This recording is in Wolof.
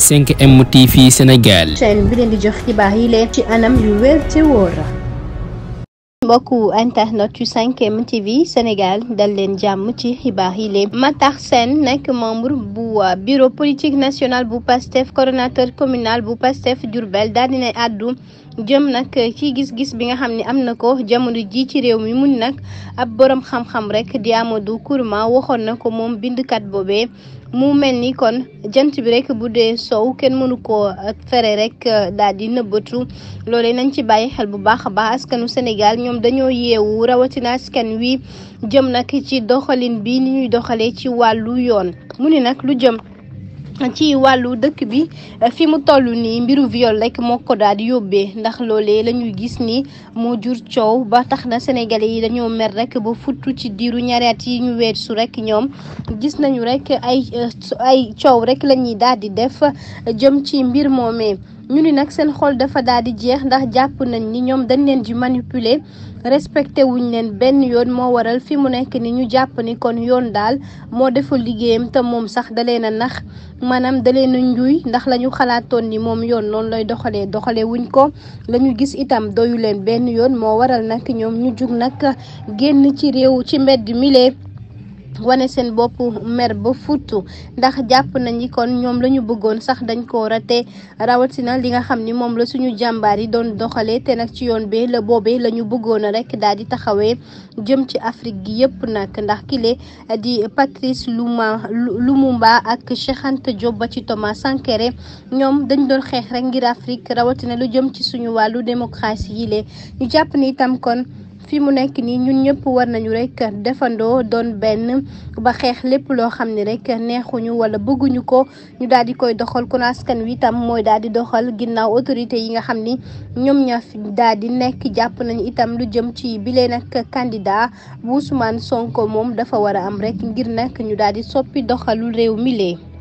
5M TV Sénégal. chaîne bi leen di jox xibaar yi leen ci anam yu wér ci wóor. mbokku internet yu 5M Sénégal dal leen jàmm ci xibaar yi leen tax seen nekk membre bu waa bureau politique national bu PASTEF coordonnateur communal bu PASTEF Diourbel daal dina àddu. jëm nag ci gis-gis bi nga xam ne am na ko jamono ji ci réew mi mun nag ab borom xam-xam rek di Amadou Kourma waxoon na ko moom bindkat boobee mu mel ni kon jant bi rek bu dee sow kenn mënu koo euh, fere rek euh, daal di nëbbatu loole nañ ci bàyyi xel bu baax a baax askanu Sénégal ñoom dañoo yeewu rawatina askan wi jëm nag ci doxalin bi ni ñuy doxalee ci wàllu yoon mu ni nag lu jëm ci wàllu dëkk bi eh, fi mu toll nii mbiru viol rek moo ko daal di yóbbee ndax loole lañuy gis ni moo jur coow ba tax na sénégalais yi dañoo mer rek ba futt ci diiru ñaari at yi ñu su rekk ñoom gis nañu rek ay eh, ay coow rek la ñuy daal di def eh, jëm ci mbir moomee ñu ni nag seen xool dafa daal di jeex ndax jàpp nañ ni ñoom dañ leen ji manipuler respecté wuñ leen benn yoon moo waral fi mu nekk ni ñu jàpp ni kon yoon daal moo deful liggéeyam te moom sax da leen a nax maanaam da leen njuuy ndax la ñu xalaatoon ni moom yoon noonu lay doxalee doxalee wuñ ko la gis itam doyu leen benn yoon moo waral nag ñoom ñu jug nag génn ci réew ci mbedd mille wane seen bopp mer ba futtu ndax jàpp nañ ni kon ñoom la ñu bëggoon sax dañ koo te rawatina li nga xam ni moom la suñu jàmbaar yi doon doxalee te nag ci yoon bi la boobee la ñu bëggoon rek daal di taxawee jëm ci Afrique gi yëpp nag ndax kile di Patrice Luma Lumumba ak Cheikh Anta Diop ba ci Thomas Sankara ñoom dañ doon xeex rek ngir Afrique rawatina lu jëm ci suñu wàllu démocratie yi lee ñu jàpp ni itam kon fi mu nekk nii ñun ñëpp war nañu rek defandoo doon benn ba xeex lépp loo xam ne rek neexuñu wala bëgguñu ko ñu daal di koy doxal kon askan wi itam mooy daal di doxal ginnaaw autorité yi nga xam ni ñoom ña daal di nekk jàpp nañu itam lu jëm ci bile nag kandidaa bu Ousmane Sonko moom dafa war a am rek ngir nag ñu daal di soppi doxalu réew mi lee